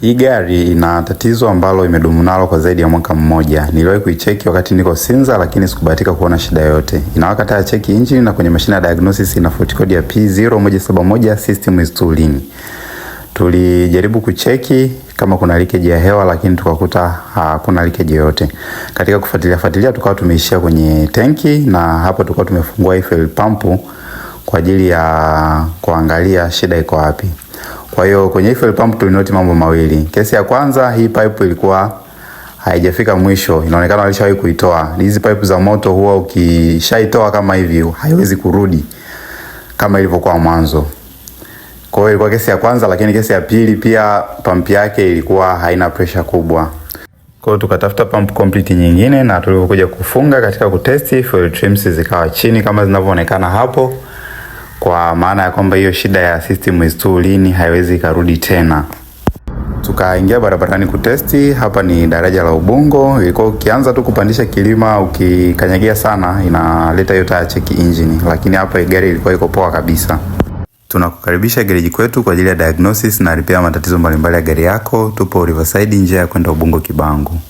Hii gari ina tatizo ambalo imedumu nalo kwa zaidi ya mwaka mmoja. Niliwahi kuicheki wakati niko Sinza, lakini sikubahatika kuona shida yoyote. Inawaka taa cheki injini na kwenye mashine ya diagnosis ina fault code ya P0171 system is too lean. Tulijaribu kucheki kama kuna leakage ya hewa lakini tukakuta hakuna leakage yoyote. Katika kufuatilia fuatilia, tukawa tumeishia kwenye tanki na hapo tukawa tumefungua fuel pump kwa ajili ya kuangalia shida iko wapi. Kwa hiyo kwenye hii fuel pump tulinoti mambo mawili. Kesi ya kwanza, hii pipe ilikuwa haijafika mwisho, inaonekana walishawahi kuitoa. Hizi pipe za moto huwa ukishaitoa kama hivi haiwezi kurudi kama ilivyokuwa mwanzo. Kwa hiyo ilikuwa kesi ya kwanza, lakini kesi ya pili pia pump yake ilikuwa haina pressure kubwa. Kwa hiyo tukatafuta pump complete nyingine, na tulivyokuja kufunga katika kutesti fuel trims zikawa chini kama zinavyoonekana hapo kwa maana ya kwamba hiyo shida ya system is too lean haiwezi ikarudi tena. Tukaingia barabarani kutesti. Hapa ni daraja la Ubungo. Ilikuwa ukianza tu kupandisha kilima, ukikanyagia sana inaleta hiyo tire cheki engine, lakini hapa gari ilikuwa iko poa kabisa. Tunakukaribisha gereji kwetu kwa ajili ya diagnosis na repair matatizo mbalimbali ya gari yako. Tupo Riverside, njia ya kwenda Ubungo Kibangu.